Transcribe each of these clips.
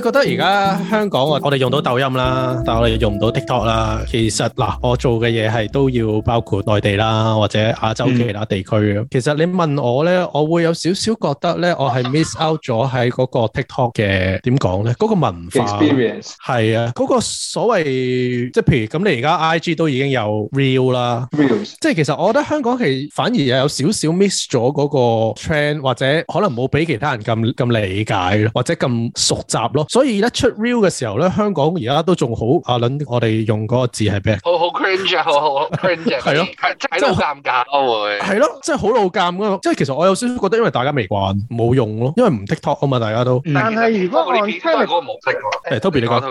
覺得而家香港我我哋用到抖音啦，但係我哋用唔到 TikTok 啦。其實嗱，我做嘅嘢係都要包括內地啦，或者亞洲其他地區。其實你問我咧，我會有少少覺得咧，我係 miss out 咗喺嗰個 TikTok 嘅點講咧？嗰個文化，experience，係啊，嗰個所謂即係譬如咁，你而家 IG 都已經有 real 啦，real。即係其實我覺得香港係反而又有少少 miss 咗嗰個 trend，或者可能冇俾其他人咁咁理解咯，或者咁熟習咯。所以咧，出 real 嘅時候咧，香港而家都仲好阿倫，我哋用嗰個字係咩？好好 cringe，好好 cringe，係咯，即係好尷尬，會係咯，即係好老尷，即係其實我有少少覺得因，因為大家未慣，冇用咯，因為唔 TikTok 啊嘛，大家、嗯嗯、都、欸欸。但係如果我聽個模式 Toby 你講多，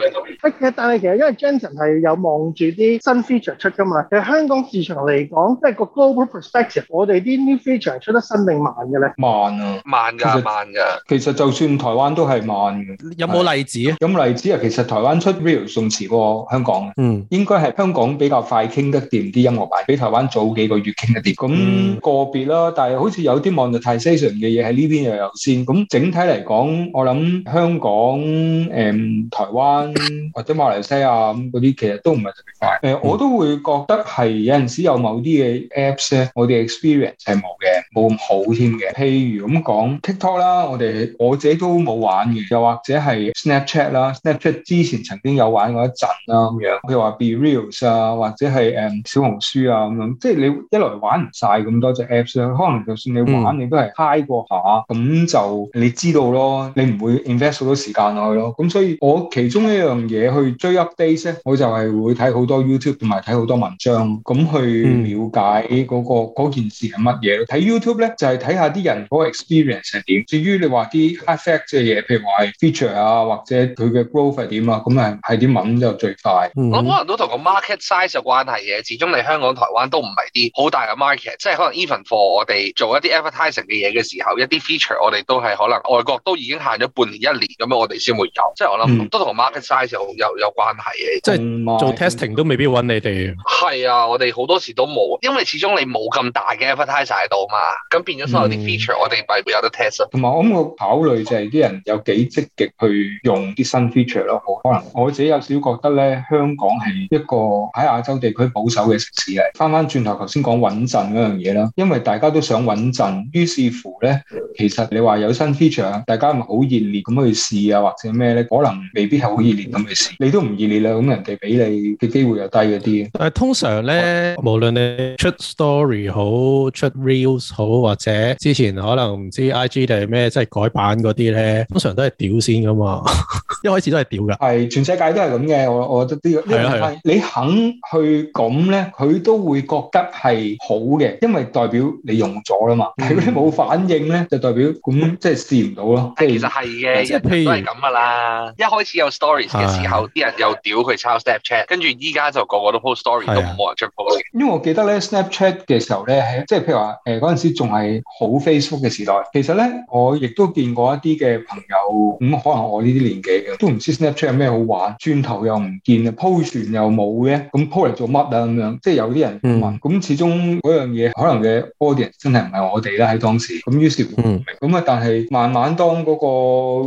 但係其實因為 Jansen 係有望住啲新 feature 出㗎嘛。其實香港市場嚟講，即係個 global perspective，我哋啲 new feature 出得新定慢嘅咧？慢啊，慢㗎，慢㗎。其實就算台灣都係慢嘅，有冇？例子啊，咁例子啊，其實台灣出 real 送遲過香港，嗯，應該係香港比較快傾得掂啲音樂牌，比台灣早幾個月傾得掂。咁、嗯那個別啦，但係好似有啲 monetisation 嘅嘢喺呢邊又有先。咁整體嚟講，我諗香港誒、嗯、台灣或者馬來西亞咁嗰啲，其實都唔係特別快。誒、嗯呃，我都會覺得係有陣時有某啲嘅 apps 咧，我哋 experience 係冇嘅，冇咁好添嘅。譬如咁講 TikTok 啦，我哋我自己都冇玩嘅，又或者係。Snapchat 啦，Snapchat 之前曾經有玩過一陣啦咁樣，譬、嗯、如話 Be Reals 啊，或者係小紅書啊咁樣，即係你一來玩唔晒咁多隻 Apps 咧，可能就算你玩，嗯、你都係 high 過下，咁就你知道咯，你唔會 invest 好多時間落去咯。咁所以，我其中一樣嘢去追 update 呢，我就係會睇好多 YouTube 同埋睇好多文章，咁去了解嗰、嗰個嗰、嗯、件事係乜嘢。睇 YouTube 咧就係睇下啲人嗰個 experience 係點。至於你話啲 high fact 嘅嘢，譬如話 feature 啊。或者佢嘅 growth 係點啊咁啊係點揾就最快？我、嗯嗯、可能都同個 market size 有關係嘅。始終你香港、台灣都唔係啲好大嘅 market，即係可能 even for 我哋做一啲 advertising 嘅嘢嘅時候，一啲 feature 我哋都係可能外國都已經行咗半年、一年咁樣，我哋先會有。即係我諗都同 market size 有有有關係嘅、嗯。即係做 testing、嗯、都未必揾你哋。係啊，我哋好多時都冇，因為始終你冇咁大嘅 advertisement 度嘛，咁變咗所有啲 feature 我哋咪會有得 test。同、嗯、埋我諗我考慮就係啲人有幾積極去。用啲新 feature 咯，好，可能我自己有少少覺得咧，香港係一個喺亞洲地區保守嘅城市嚟。翻翻轉頭，頭先講穩陣嗰樣嘢啦，因為大家都想穩陣，於是乎咧，其實你話有新 feature，大家唔好熱烈咁去試啊，或者咩咧？可能未必係好熱烈咁去試。你都唔熱烈啦，咁人哋俾你嘅機會又低一啲。但係通常咧，無論你出 story 好，出 reels 好，或者之前可能唔知 IG 定係咩，即係改版嗰啲咧，通常都係屌先噶嘛。 一開始都係屌噶，係全世界都係咁嘅。我我覺得呢個，你肯去咁咧，佢都會覺得係好嘅，因為代表你用咗啦嘛。係嗰啲冇反應咧，就代表咁即係試唔到咯。即係其實係嘅，即都係咁噶啦。一開始有 stories 嘅時候，啲、啊、人又屌佢抄 Snapchat，跟住依家就個個都 post story，、啊、都冇人出 p 因為我記得咧 Snapchat 嘅時候咧，即係譬如話誒嗰陣時仲係好 Facebook 嘅時代。其實咧我亦都見過一啲嘅朋友咁、嗯、可能我、這。個呢啲年紀嘅都唔知 Snapchat 有咩好玩，轉頭又唔見啦 po 船又冇嘅，咁 po 嚟做乜啊咁樣？即係有啲人問，咁、嗯、始終嗰樣嘢可能嘅 audience 真係唔係我哋啦，喺當時咁，於是唔明。咁、嗯、啊，但係慢慢當嗰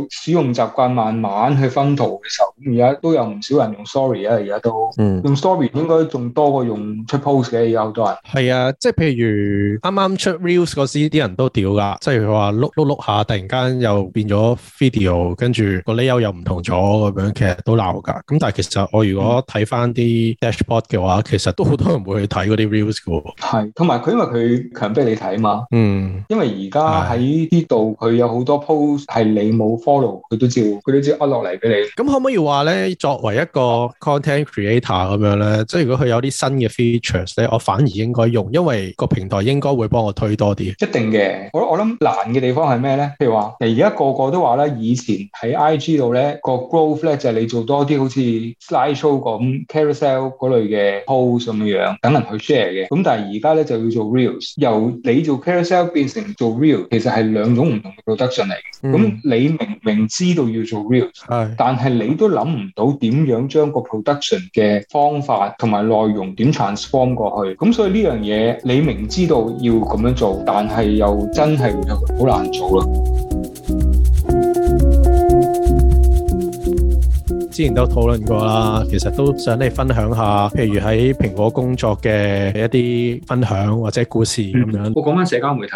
個使用習慣慢慢去分途嘅時候，咁而家都有唔少人用 Story 啊，而家都用 Story 應該仲多過用出 post 嘅有好多人。係啊，即係譬如啱啱出 Reels 嗰時，啲人都屌噶，即係話碌碌碌下，突然間又變咗 video，跟住。理由又唔同咗，咁樣其實都鬧㗎。咁但係其實我如果睇翻啲 dashboard 嘅話、嗯，其實都好多人會去睇嗰啲 reviews 㗎。係，同埋佢因為佢強迫你睇啊嘛。嗯。因為而家喺呢度，佢有好多 post 係你冇 follow，佢都照，佢都照 upload 嚟俾你。咁可唔可以話咧？作為一個 content creator 咁樣咧，即係如果佢有啲新嘅 features 咧，我反而應該用，因為個平台應該會幫我推多啲。一定嘅。我我諗難嘅地方係咩咧？譬如話，而家個個都話咧，以前喺 I 知道咧個 growth 咧就係你做多啲好似 slide show 咁 carousel 嗰類嘅 post 咁樣樣，等 人去 share 嘅。咁但係而家咧就要做 reels，由你做 carousel 變成做 reels，其實係兩種唔同嘅 production 嚟嘅。咁、嗯、你明明知道要做 reels、嗯、但係你都諗唔到點樣將個 production 嘅方法同埋內容點 transform 過去。咁所以呢樣嘢你明知道要咁樣做，但係又真係好難做咯。之前都討論過啦，其實都想你分享下，譬如喺蘋果工作嘅一啲分享或者故事咁樣。嗯、我講返社交媒體，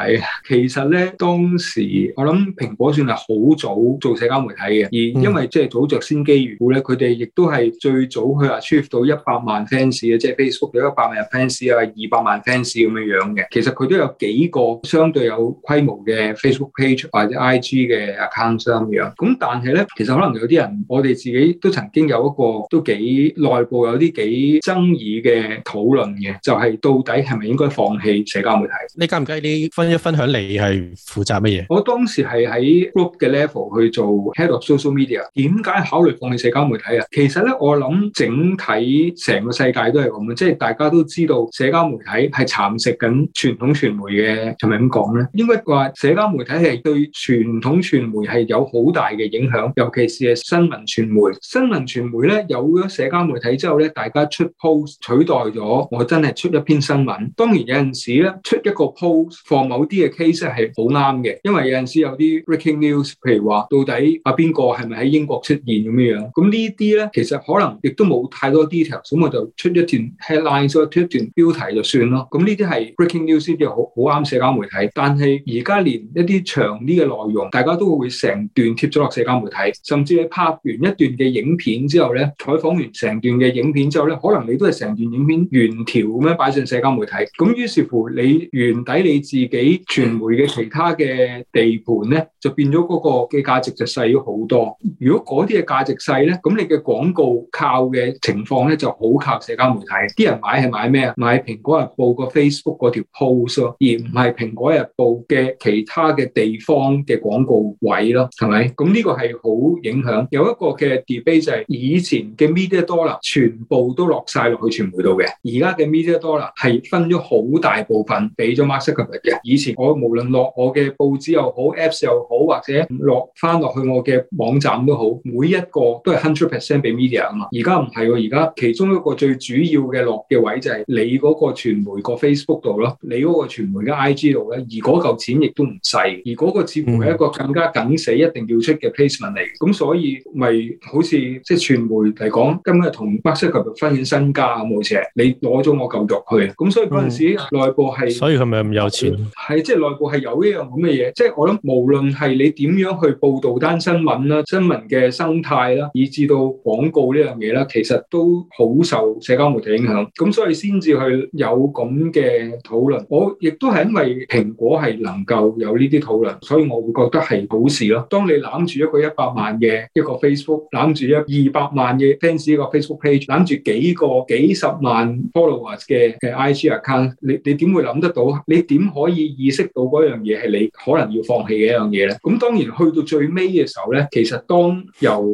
其實咧當時我諗蘋果算係好早做社交媒體嘅，而因為即係早着先機緣故，咧、嗯，佢哋亦都係最早去 achieve 到一百萬 fans 嘅，即係 Facebook 有一百萬 fans 啊，二百萬 fans 咁樣樣嘅。其實佢都有幾個相對有規模嘅 Facebook page 或者 IG 嘅 account 咁樣。咁但係咧，其實可能有啲人，我哋自己，都曾經有一個都幾內部有啲幾爭議嘅討論嘅，就係、是、到底係咪應該放棄社交媒體？你介唔介你分一分享，你係負責乜嘢？我當時係喺 group 嘅 level 去做 head of social media。點解考慮放棄社交媒體啊？其實咧，我諗整體成個世界都係咁嘅。即係大家都知道社交媒體係蠶食緊傳統傳媒嘅，係咪咁講咧？應該話社交媒體係對傳統傳媒係有好大嘅影響，尤其是係新聞傳媒。新聞傳媒咧有咗社交媒體之後咧，大家出 post 取代咗我真係出一篇新聞。當然有陣時咧出一個 post 放某啲嘅 case 咧係好啱嘅，因為有陣時有啲 breaking news，譬如話到底阿邊個係咪喺英國出現咁樣樣。咁呢啲咧其實可能亦都冇太多 details 咁我就出一段 headline 或者出一段標題就算咯。咁呢啲係 breaking news 啲好好啱社交媒體。但係而家連一啲長啲嘅內容，大家都會成段貼咗落社交媒體，甚至你拍完一段嘅影。影片之後咧，採訪完成段嘅影片之後咧，可能你都係成段影片原條咁樣擺上社交媒體，咁於是乎你原底你自己傳媒嘅其他嘅地盤咧，就變咗嗰個嘅價值就細咗好多。如果嗰啲嘅價值細咧，咁你嘅廣告靠嘅情況咧就好靠社交媒體。啲人買係買咩啊？買《蘋果日報》個 Facebook 嗰條 post 咯，而唔係《蘋果日報》嘅其他嘅地方嘅廣告位咯，係咪？咁呢個係好影響。有一個嘅 debate。就係、是、以前嘅 media Dollar 全部都落晒落去傳媒度嘅。而家嘅 media Dollar 係分咗好大部分俾咗 maximarket 嘅。以前我無論落我嘅報紙又好，apps 又好，或者落翻落去我嘅網站都好，每一個都係 hundred percent 俾 media 啊嘛不是的。而家唔係喎，而家其中一個最主要嘅落嘅位就係你嗰個傳媒個 Facebook 度咯，你嗰個傳媒嘅 IG 度咧。而嗰嚿錢亦都唔細，而嗰個似乎係一個更加緊死一定要出嘅 placement 嚟嘅。咁所以咪好似～即係傳媒嚟講，今日同麥色狗分演身家咁，好似你攞咗我嚿肉去，咁所以嗰陣時內部係、嗯，所以佢咪咁有錢？係即係內部係有呢樣咁嘅嘢，即係我諗無論係你點樣去報道單新聞啦、新聞嘅生態啦，以至到廣告呢樣嘢啦，其實都好受社交媒體影響。咁所以先至去有咁嘅討論。我亦都係因為蘋果係能夠有呢啲討論，所以我會覺得係好事咯。當你攬住一個一百萬嘅一個 Facebook，攬住一二百萬嘅 fans 一個 Facebook page，諗住幾個幾十萬 followers 嘅 IG account，你你點會諗得到？你點可以意識到樣嘢係你可能要放棄嘅一樣嘢咧？咁當然去到最尾嘅時候咧，其實當由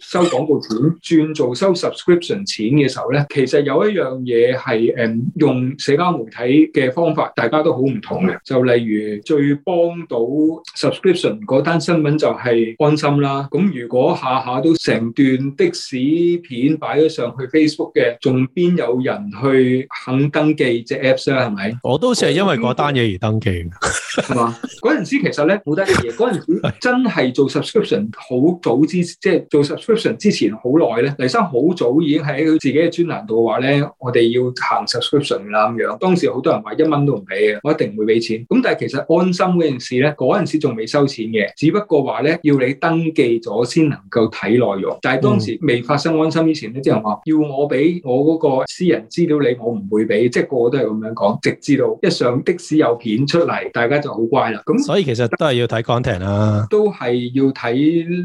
收廣告錢轉做收 subscription 錢嘅時候咧，其實有一樣嘢係誒用社交媒體嘅方法，大家都好唔同嘅。就例如最幫到 subscription 嗰單新聞就係、是、安心啦。咁如果下下都成段。段的士片擺咗上去 Facebook 嘅，仲邊有人去肯登記隻 Apps 咧？係咪？我都好似係因為嗰單嘢而登記。 係嘛？嗰陣時其實咧好得意嘅，嗰陣時真係做 subscription 好早之前，即係做 subscription 之前好耐咧。黎生好早已經喺佢自己嘅專欄度話咧，我哋要行 subscription 啦咁樣。當時好多人話一蚊都唔俾嘅，我一定唔會俾錢。咁但係其實安心嗰件事咧，嗰陣時仲未收錢嘅，只不過話咧要你登記咗先能夠睇內容。但係當時未發生安心之前咧，啲人話要我俾我嗰個私人資料你，我唔會俾，即係個個都係咁樣講，直至到一上的士有片出嚟，大家。就好乖啦，咁所以其實都係要睇 content 啦，啊，都係要睇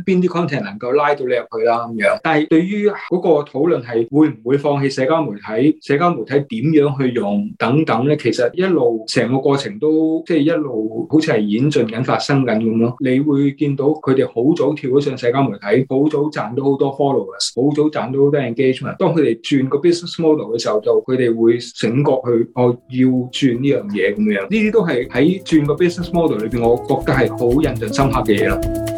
邊啲 content 能夠拉到你入去啦咁樣，但係對於嗰個討論係會唔會放棄社交媒體？社交媒體點樣去用等等咧，其實一路成個過程都即係、就是、一路好似係演進緊發生緊咁咯。你會見到佢哋好早跳咗上社交媒體，好早賺到好多 followers，好早賺到好多 engagement。當佢哋轉個 business model 嘅時候，就佢哋會醒覺去，我要轉呢樣嘢咁樣。呢啲都係喺轉個 business model 裏邊，我覺得係好印象深刻嘅嘢咯。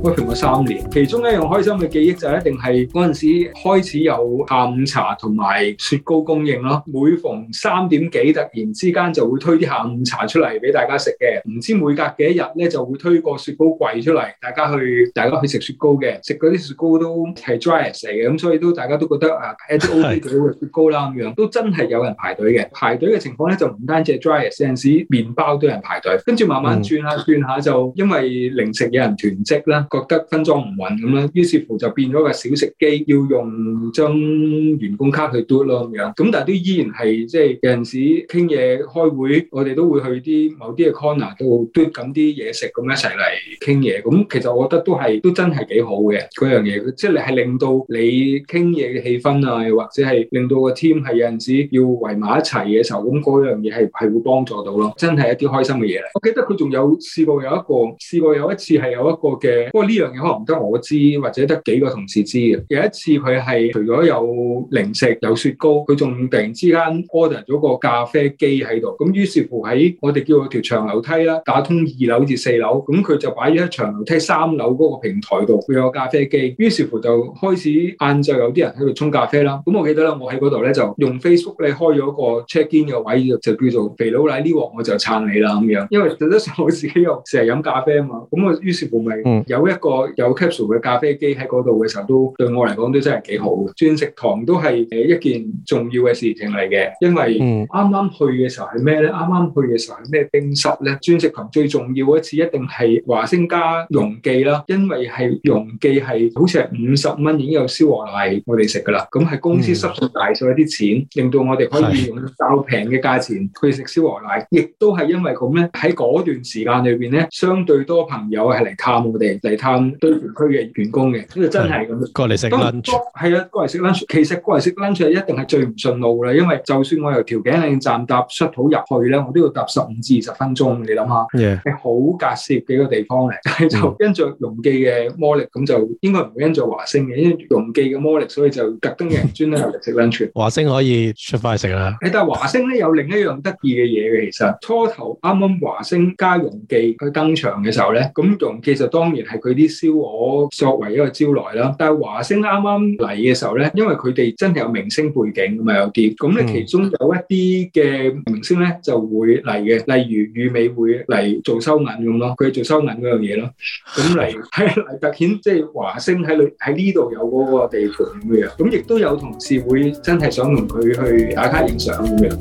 我平咗三年，其中一樣開心嘅記憶就係一定係嗰陣時開始有下午茶同埋雪糕供應咯。每逢三點幾突然之間就會推啲下，下午茶出嚟俾大家食嘅，唔知每隔幾多日咧就會推個雪糕櫃出嚟，大家去大家去食雪糕嘅，食嗰啲雪糕都係 Dryass 嚟嘅，咁所以都大家都覺得啊 a o d 佢嘅雪糕啦咁樣，都真係有人排隊嘅。排隊嘅情況咧就唔單止係 Dryass 有陣時麵包都有人排隊，跟住慢慢轉下轉下就因為零食有人囤積啦。覺得分裝唔穩咁啦，於是乎就變咗個小食機，要用張員工卡去嘟咯咁樣。咁但係都依然係即係有陣時傾嘢、開會，我哋都會去啲某啲嘅 corner 都嘟緊啲嘢食咁一齊嚟傾嘢。咁其實我覺得都係都真係幾好嘅嗰樣嘢，即係你係令到你傾嘢嘅氣氛啊，又或者係令到個 team 係有陣時要圍埋一齊嘅時候，咁嗰樣嘢係係會幫助到咯。真係一啲開心嘅嘢嚟。我記得佢仲有試過有一個試過有一次係有一個嘅。不過呢樣嘢可能唔得我知，或者得幾個同事知嘅。有一次佢係除咗有零食、有雪糕，佢仲突然之間 order 咗個咖啡機喺度。咁於是乎喺我哋叫條長樓梯啦，打通二樓至四樓，咁佢就擺咗喺長樓梯三樓嗰個平台度，佢有咖啡機。於是乎就開始晏晝有啲人喺度沖咖啡啦。咁我記得啦，我喺嗰度咧就用 Facebook 嚟開咗個 check in 嘅位，就叫做肥佬奶呢鑊，我就撐你啦咁樣。因為實質上我自己又成日飲咖啡啊嘛，咁我於是乎咪有，一個有 capsule 嘅咖啡機喺嗰度嘅時候，都對我嚟講都真係幾好嘅。鑽食堂都係誒一件重要嘅事情嚟嘅，因為啱啱去嘅時候係咩咧？啱啱去嘅時候係咩冰室咧？鑽食堂最重要嘅一次一定係華星加容記啦，因為係容記係好似係五十蚊已經有燒鵝奶我哋食噶啦。咁、嗯、係公司濕重大咗一啲錢，令到我哋可以用較平嘅價錢去食燒鵝奶。亦都係因為咁咧，喺嗰段時間裏邊咧，相對多朋友係嚟探我哋探對全區嘅員工嘅，呢個真係咁。過嚟食 lunch，係啊，過嚟食 lunch。其實過嚟食 lunch 一定係最唔順路啦，因為就算我由調景嶺站搭 shuttle 入去咧，我都要搭十五至二十分鐘。你諗下，係、yeah. 好隔攝幾個地方嚟。但、嗯、就跟、是、著容記嘅魔力，咁就應該唔會跟著華星嘅，因為容記嘅魔力，所以就特登嘅人專登嚟食 lunch。 華星可以出快食啦。但係華星咧有另一樣得意嘅嘢嘅，其實初頭啱啱華星加容記佢登場嘅時候咧，咁容記就當然係。佢啲燒鵝作為一個招來啦，但係華星啱啱嚟嘅時候咧，因為佢哋真係有明星背景咁啊，有啲咁咧，其中有一啲嘅明星咧就會嚟嘅，例如宇美會嚟做收銀咁咯，佢做收銀嗰樣嘢咯，咁嚟係嚟突顯即係、就是、華星喺你喺呢度有嗰個地盤咁樣，咁亦都有同事會真係想同佢去打卡影相咁樣。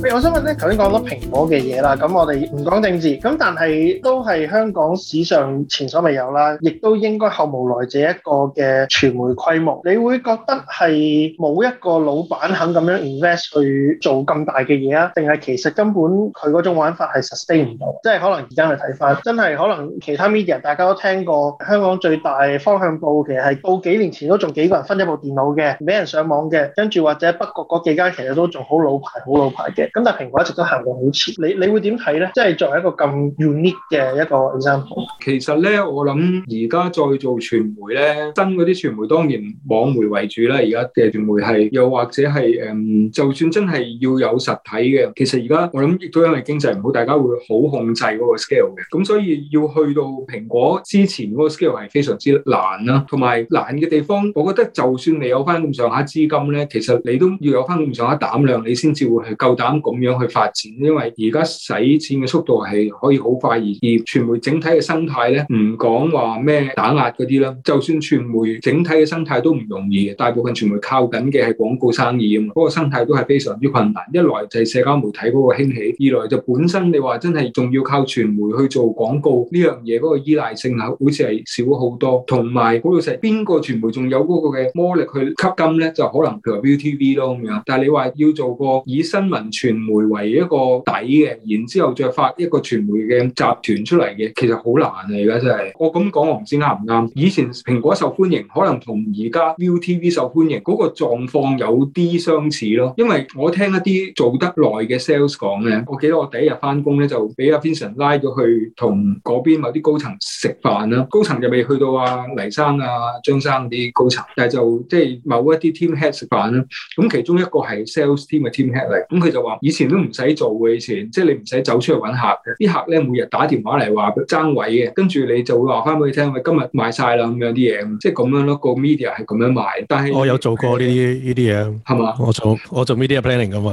我想問咧，頭先講咗蘋果嘅嘢啦，咁我哋唔講政治，咁但係都係香港史上前所未有啦，亦都應該後無來者一個嘅傳媒規模。你會覺得係冇一個老闆肯咁樣 invest 去做咁大嘅嘢啊？定係其實根本佢嗰種玩法係 sustain 唔到？即係可能而家去睇翻，真係可能其他 media 大家都聽過，香港最大方向報其實係到幾年前都仲幾個人分一部電腦嘅，俾人上網嘅，跟住或者北角嗰幾間其實都仲好老牌，好老牌嘅。咁但係蘋果一直都行到好前，你你會點睇咧？即係作為一個咁 unique 嘅一個 example。其實咧，我諗而家再做傳媒咧，新嗰啲傳媒當然網媒為主啦。而家嘅傳媒係又或者係誒、嗯，就算真係要有實體嘅，其實而家我諗亦都因為經濟唔好，大家會好控制嗰個 scale 嘅。咁所以要去到蘋果之前嗰個 scale 係非常之難啦、啊，同埋難嘅地方，我覺得就算你有翻咁上下資金咧，其實你都要有翻咁上下膽量，你先至會係夠膽。咁樣去發展，因為而家使錢嘅速度係可以好快，而而傳媒整體嘅生態咧，唔講話咩打壓嗰啲啦。就算傳媒整體嘅生態都唔容易嘅，大部分傳媒靠緊嘅係廣告生意啊嘛，嗰個生態都係非常之困難，一來就係社交媒體嗰個興起，二來就本身你話真係仲要靠傳媒去做廣告呢樣嘢，嗰個依賴性啊，好似係少好多。同埋嗰個就係邊個傳媒仲有嗰個嘅魔力去吸金咧？就可能譬如話 VTV 咯咁樣，但係你話要做個以新聞傳，傳媒為一個底嘅，然之後再發一個傳媒嘅集團出嚟嘅，其實好難嚟㗎，真係，我咁講，我唔知啱唔啱。以前蘋果受歡迎，可能同而家 ViuTV 受歡迎嗰、嗰個狀況有啲相似咯。因為我聽一啲做得耐嘅 sales 講咧，我記得我第一日翻工咧就俾阿 Vincent 拉咗去同嗰邊某啲高層食飯啦。高層就未去到啊黎生啊張生啲高層，但係就即係、就是、某一啲 team head 食飯啦。咁其中一個係 sales team 嘅 team head 嚟，咁佢就話。以前都唔使做嘅，以前即係你唔使走出去揾客嘅，啲客咧每日打電話嚟話佢爭位嘅，跟住你就會話翻俾佢聽，喂今日賣晒啦咁樣啲嘢，即係咁樣咯。個 media 係咁樣賣，但係我有做過呢啲呢啲嘢，係嘛？我做我做 media planning 噶嘛，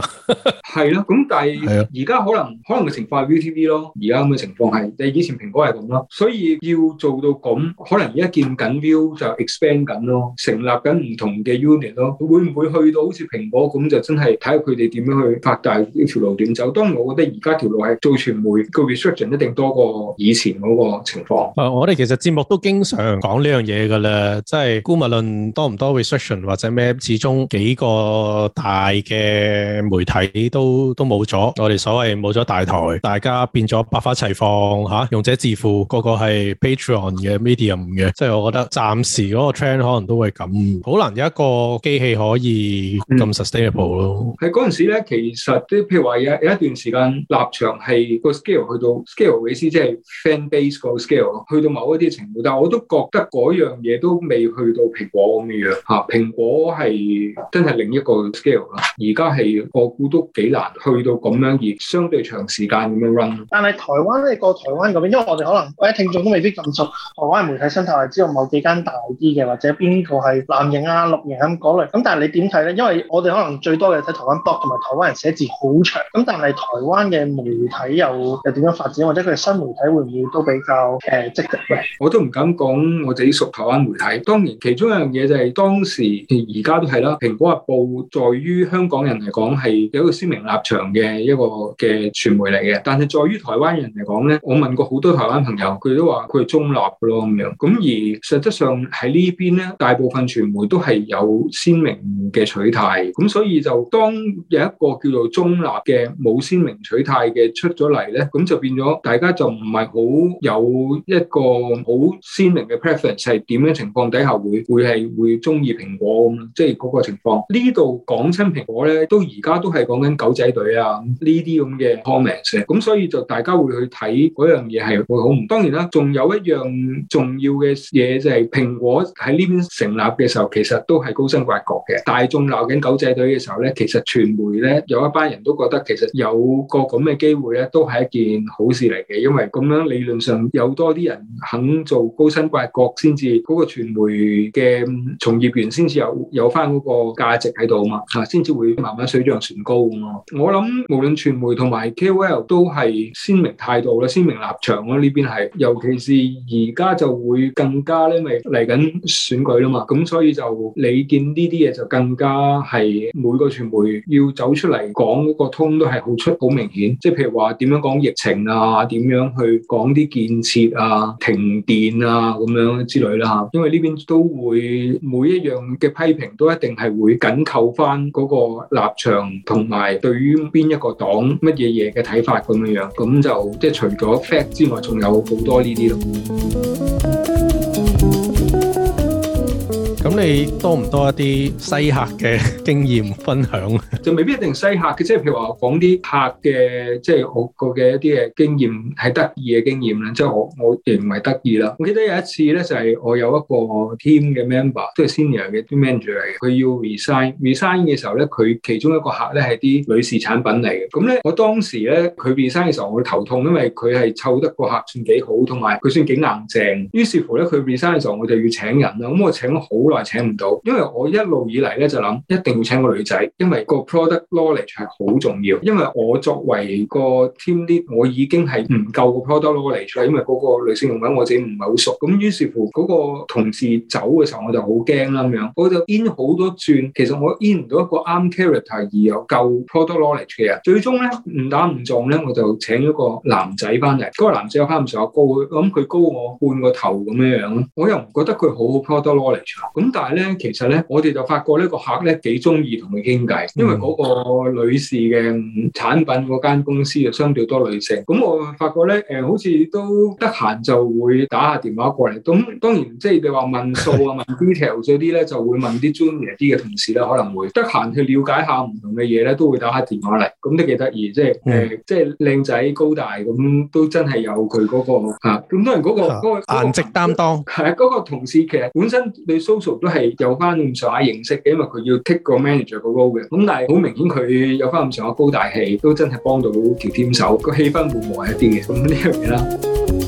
係 咯。咁但係而家可能可能嘅情況係 VTV 咯，而家咁嘅情況係你以前蘋果係咁咯，所以要做到咁，可能而家見緊 view 就 expand 緊咯，成立緊唔同嘅 unit 咯，會唔會去到好似蘋果咁就真係睇下佢哋點樣去發達？呢條路點走？當然，我覺得而家條路係做傳媒個 restriction 一定多過以前嗰個情況。啊，我哋其實節目都經常講呢樣嘢㗎啦，即係姑勿論多唔多 restriction 或者咩，始終幾個大嘅媒體都都冇咗。我哋所謂冇咗大台，大家變咗百花齊放嚇、啊，用者自負，個個係 Patreon 嘅 medium 嘅。即係我覺得暫時嗰個 trend 可能都會咁，好難有一個機器可以咁 sustainable 咯、嗯。喺嗰陣時咧，其實即係譬如話有有一段時間立場係個 scale 去到 scale 嘅意思即係 fan base 個 scale 去到某一啲程度，但係我都覺得嗰樣嘢都未去到蘋果咁嘅樣嚇。啊，蘋果係真係另一個 scale 啦，而家係我估都幾難去到咁樣而相對長時間咁樣 run。但係台灣你個台灣嗰邊，因為我哋可能我哋聽眾都未必咁熟台灣媒體生態，係知道某幾間大啲嘅或者邊個係藍營啊、綠營咁嗰類。咁但係你點睇咧？因為我哋可能最多嘅睇台灣博同埋台灣人寫字。好長，咁，但係台灣嘅媒體又又點樣發展，或者佢新媒體會唔會都比較誒、呃、積極嘅？我都唔敢講，我自己屬台灣媒體。當然，其中一樣嘢就係當時而家都係啦，《蘋果日報》在於香港人嚟講係有一個鮮明立場嘅一個嘅傳媒嚟嘅。但係在於台灣人嚟講咧，我問過好多台灣朋友，佢都話佢係中立嘅咯，咁樣。咁而實質上喺呢邊咧，大部分傳媒都係有鮮明嘅取態。咁所以就當有一個叫做中中立嘅冇鮮明取態嘅出咗嚟咧，咁就變咗大家就唔係好有一個好鮮明嘅 preference 係點樣情況底下會會係會中意蘋果咁，即係嗰個情況。呢度講親蘋果咧，都而家都係講緊狗仔隊啊呢啲咁嘅 comments。咁所以就大家會去睇嗰樣嘢係會好唔。當然啦，仲有一樣重要嘅嘢就係蘋果喺呢邊成立嘅時候，其實都係高薪挖角嘅。大眾鬧緊狗仔隊嘅時候咧，其實傳媒咧有一班。人都覺得其實有個咁嘅機會咧，都係一件好事嚟嘅，因為咁樣理論上有多啲人肯做高薪挖角，先至嗰個傳媒嘅從業員先至有有翻嗰個價值喺度啊嘛嚇，先至會慢慢水漲船高咁咯。我諗無論傳媒同埋 KOL 都係鮮明態度啦，鮮明立場咯，呢邊係尤其是而家就會更加咧，因為嚟緊選舉啦嘛，咁所以就你見呢啲嘢就更加係每個傳媒要走出嚟講講、那、嗰個通都係好出好明顯，即係譬如話點樣講疫情啊，點樣去講啲建設啊、停電啊咁樣之類啦吓，因為呢邊都會每一樣嘅批評都一定係會緊扣翻嗰個立場，同埋對於邊一個黨乜嘢嘢嘅睇法咁樣樣，咁就即係除咗 fact 之外，仲有好多呢啲咯。咁你多唔多一啲西客嘅經驗分享？就未必一定西客嘅，即係譬如話講啲客嘅，即係我個嘅一啲嘅經驗係得意嘅經驗啦。即係我我唔係得意啦。我記得有一次咧，就係、是、我有一個 team 嘅 member 都係 senior 嘅 manager 嚟，佢要 resign resign 嘅時候咧，佢其中一個客咧係啲女士產品嚟嘅。咁咧我當時咧佢 resign 嘅時候，我會頭痛，因為佢係湊得個客算幾好，同埋佢算幾硬正。於是乎咧佢 resign 嘅時候，我就要請人啦。咁我請咗好耐話請唔到，因為我一路以嚟咧就諗一定要請個女仔，因為個 product knowledge 係好重要。因為我作為個 team lead，我已經係唔夠個 product knowledge 啦。因為嗰個女性用品我自己唔係好熟，咁於是乎嗰、嗰個同事走嘅時候，我就好驚啦咁樣。我就 in 好多轉，其實我 in 唔到一個啱 character 而又夠 product knowledge 嘅人。最終咧唔打唔撞咧，我就請咗個男仔翻嚟。嗰、嗰個男仔又翻唔上我高，咁佢高我半個頭咁樣樣，我又唔覺得佢好，好 product knowledge 咁但係咧，其實咧，我哋就發覺呢個客咧幾中意同佢傾偈，因為嗰個女士嘅、嗯、產品嗰間公司就相對多女性。咁我發覺咧、呃，好似都得閒就會打下電話過嚟。咁當然即係你話問數 啊、問 detail 嗰啲咧，就會問啲專業啲嘅同事啦，可能會得閒去了解下唔同嘅嘢咧，都會打下電話嚟。咁都幾得意，即係、嗯呃、即係靚仔高大咁，都真係有佢嗰、那個嚇、啊、當然嗰、那個嗰個顏值擔當啊，嗰、那個啊那個啊那個同事其實本身你 social。都係有翻咁上下認識嘅，因為佢要 take 個 manager 個 role 嘅，咁但係好明顯佢有翻咁上下高大氣，都真係幫到條籤手個氣氛唔同係啲嘅咁樣嘢啦。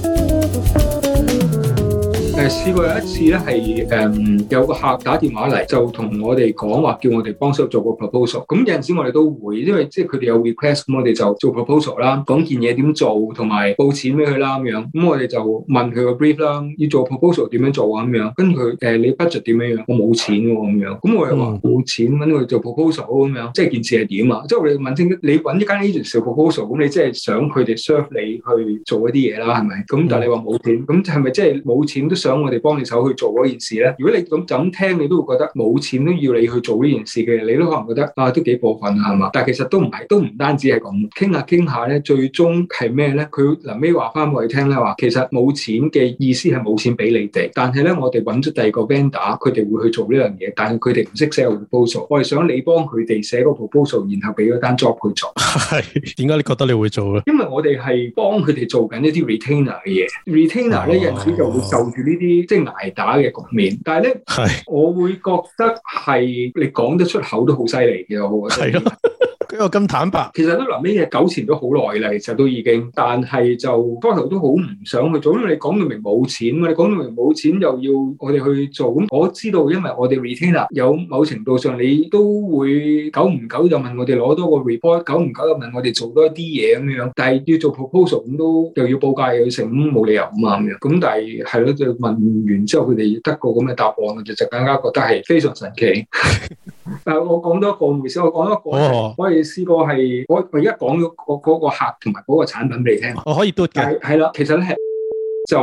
試過有一次咧，係、嗯、誒有個客打電話嚟，就同我哋講話，叫我哋幫手做個 proposal。咁有陣時我哋都會，因為即係佢哋有 request，咁我哋就做 proposal 啦，講件嘢點做，同埋報錢俾佢啦咁樣。咁我哋就問佢個 brief 啦，要做 proposal 點樣做啊咁樣。跟住佢誒你 budget 點樣樣，我冇錢喎咁樣。咁我又話冇錢揾佢、嗯、做 proposal 咁樣，即係件事係點啊？即係我哋問清，你揾一間 agency 做 proposal，咁你即係想佢哋 serve 你去做一啲嘢啦，係咪？咁但你話冇錢，咁係咪即係冇錢都想？我哋幫你手去做嗰件事咧。如果你咁就咁聽，你都會覺得冇錢都要你去做呢件事嘅，你都可能覺得啊，都幾過分啊，係嘛？但係其實都唔係，都唔單止係咁。傾下傾下咧，最終係咩咧？佢臨尾話翻我哋聽咧話，其實冇錢嘅意思係冇錢俾你哋。但係咧，我哋揾咗第二個 vendor，佢哋會去做呢樣嘢。但係佢哋唔識寫個 proposal，我係想你幫佢哋寫個 proposal，然後俾嗰單 job 去做。係點解你覺得你會做咧？因為我哋係幫佢哋做緊一啲 retainer 嘅嘢。retainer 咧有陣時就會就住呢。啲即係挨打嘅局面，但係咧，係我會覺得係你講得出口都好犀利嘅，我覺得係咯。 因咁坦白，其實都臨尾嘢糾纏咗好耐啦，其實都已經，但係就開頭都好唔想去做，因為你講到明冇錢嘛，你講到明冇錢又要我哋去做，咁我知道，因為我哋 retainer 有某程度上，你都會久唔久就問我哋攞多個 report，久唔久就問我哋做多一啲嘢咁樣，但係要做 proposal 咁都又要報價又要成，冇理由嘛咁樣，咁但係係咯，就問完之後佢哋得個咁嘅答案，就更加覺得係非常神奇。 誒，我講多一個，唔好意思，我講多一個，我哋試過係，我一 oh, oh. 我而家講咗嗰個客同埋嗰個產品俾你聽，我可以都解係啦，其實咧就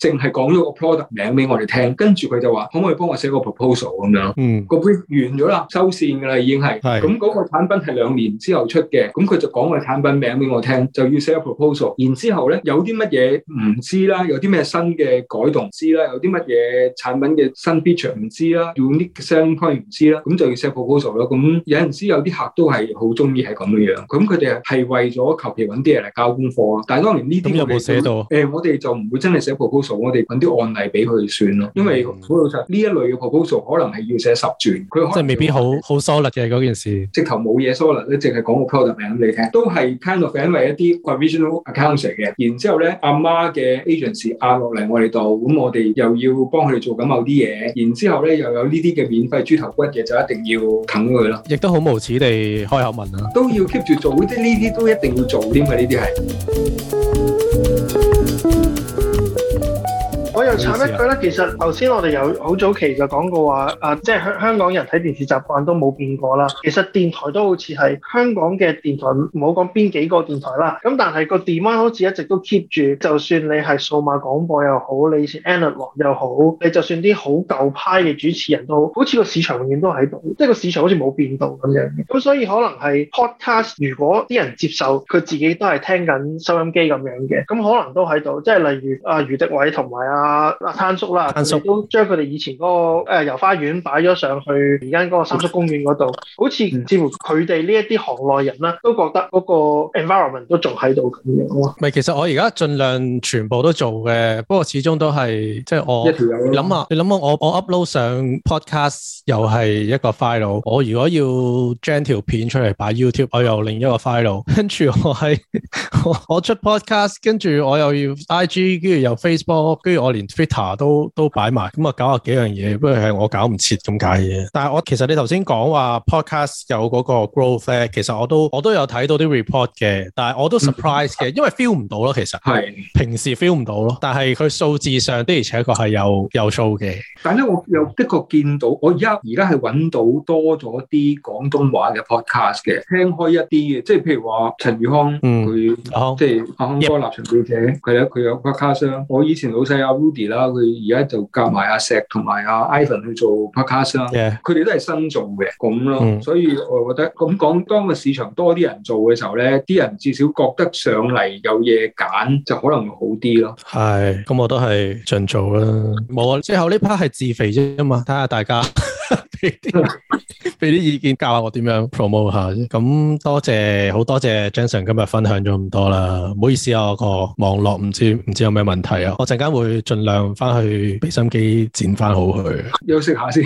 淨係講咗個 product 名俾我哋聽，跟住佢就話可唔可以幫我寫個 proposal 咁樣。嗯，個會完咗啦，收線㗎啦，已經係。咁嗰個產品係兩年之後出嘅，咁佢就講個產品名俾我聽，就要寫，個 proposal，就要寫個 proposal。然之後咧，有啲乜嘢唔知啦，有啲咩新嘅改動知啦，有啲乜嘢產品嘅新 feature 唔知啦，用啲聲開唔知啦，咁就要寫 proposal 咯。咁有陣時有啲客都係好中意係咁樣樣，咁佢哋係為咗求其揾啲人嚟交功課，但係當然呢點有冇寫到？呃、我哋就唔真係寫 proposal，我哋揾啲案例俾佢算咯。因為好老實，呢、嗯、一類嘅 proposal 可能係要寫十轉，佢可能即係未必好好 solid 嘅嗰件事。直頭冇嘢 solid 你淨係講個 product 名俾你聽。都係 kind of 因為一啲 provisional account 嘅。然之後咧，阿媽嘅 agency 嗌、啊、落嚟我哋度，咁我哋又要幫佢做咁某啲嘢。然之後咧，又有呢啲嘅免費豬頭骨嘅，就一定要啃佢啦。亦都好無恥地開口問啦。都要 keep 住做啲呢啲都一定要做添㗎呢啲係。這些是又插一句咧？其實頭先我哋有好早期就講過話，啊、呃，即係香香港人睇電視習慣都冇變過啦。其實電台都好似係香港嘅電台，唔好講邊幾個電台啦。咁但係個 demand 好似一直都 keep 住，就算你係數碼廣播又好，你以前 analog 又好，你就算啲好舊派嘅主持人都，好似個市場永遠都喺度，即係個市場好似冇變動咁樣。咁所以可能係 podcast，如果啲人接受佢自己都係聽緊收音機咁樣嘅，咁可能都喺度。即係例如啊，余迪偉同埋啊。啊！阿、啊、山叔啦，叔都將佢哋以前嗰、嗰個誒、呃、油花園擺咗上去，而家嗰個三叔公園嗰度、嗯、好、嗯、似甚至乎佢哋呢一啲行內人啦，都覺得嗰個 environment 都仲喺度咁樣。唔係，其實我而家盡量全部都做嘅，不過始終都係即係我諗下，你諗下，我我 upload 上 podcast 又係一個 file，我如果要將條片出嚟擺 YouTube，我又另一個 file，跟住我喺 我出 podcast，跟住我又要 IG，跟住又 Facebook，跟住我連。Twitter 都都擺埋咁啊，搞下幾樣嘢，不過係我搞唔切咁解嘅。但係我其實你頭先講話 Podcast 有嗰個 growth，其實我都我都有睇到啲 report 嘅，但係我都 surprise 嘅、嗯，因為 feel 唔到咯。其實係平時 feel 唔到咯，但係佢數字上是的而且確係有有數嘅。但係咧，我又的確見到我而家而家係揾到多咗啲廣東話嘅 Podcast 嘅，聽開一啲嘅，即係譬如話陳宇康佢、嗯、即係阿康哥、嗯、立場記者，佢有佢有 Podcast 商。我以前老細阿。啦，佢而家就夾埋阿石同埋阿 Ivan 去做 podcast 啦，佢哋都係新做嘅，咁咯，mm. 所以我覺得咁講，當個市場多啲人做嘅時候咧，啲人至少覺得上嚟有嘢揀，就可能會好啲咯。係，咁我都係盡做啦。冇啊，最後呢 part 係自肥啫嘛，睇下大家。 俾啲俾啲意見教下我點樣 promote 下，咁多謝，好多謝 Jansen 今日分享咗咁多啦，唔好意思啊，個網絡唔知唔知有咩問題啊，我陣間會盡量翻去俾心機剪翻好佢，休息下先，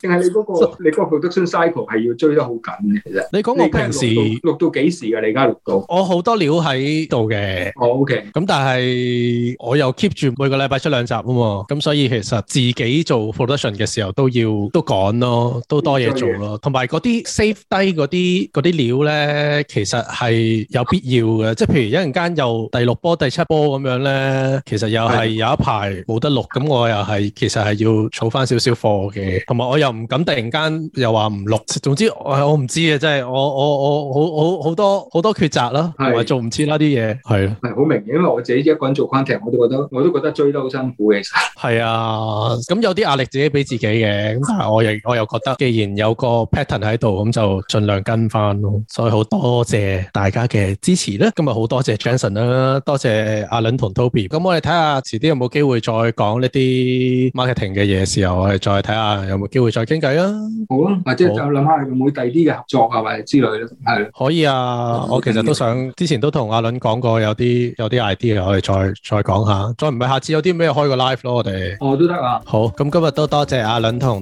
定係你嗰個你嗰個 production cycle 係要追得好緊嘅？其實你講我平時錄到幾時啊？你而家錄到？我好多料喺度嘅。哦，OK，咁但係我又 keep 住每個禮拜出兩集啊嘛，咁所以其實自己做 production 嘅時候都要。要都講咯，都多嘢做咯。同埋嗰啲 save 低嗰啲嗰啲料咧，其實係有必要嘅。即、啊、係譬如一陣間又第六波、第七波咁樣咧，其實又係有一排冇得錄，咁、啊、我又係其實係要儲翻少少貨嘅。同、啊、埋我又唔敢突然間又話唔錄。總之我我唔知嘅，真係我我我好好好多好多抉擇啦，同埋做唔切啦啲嘢係好明顯，因為我自己一個人做翻譯，我都覺得我都覺得追得好辛苦嘅。係 啊，咁有啲壓力自己俾自己嘅。咁但係我又我又覺得，既然有個 pattern 喺度，咁就盡量跟翻咯。所以好多謝大家嘅支持咧。今日好多謝 Jansen 啦，多謝阿倫同 Toby。咁我哋睇下，遲啲有冇機會再講呢啲 marketing 嘅嘢時候，我哋再睇下有冇機會再傾偈啊。好啊，或者就諗下會唔會第啲嘅合作啊，或者之類咧。係可以啊，我其實都想之前都同阿倫講過有啲有啲 idea，我哋再再講下。再唔係下次有啲咩開個 live 咯，我哋哦都得啊。好，咁今日都多謝阿倫同。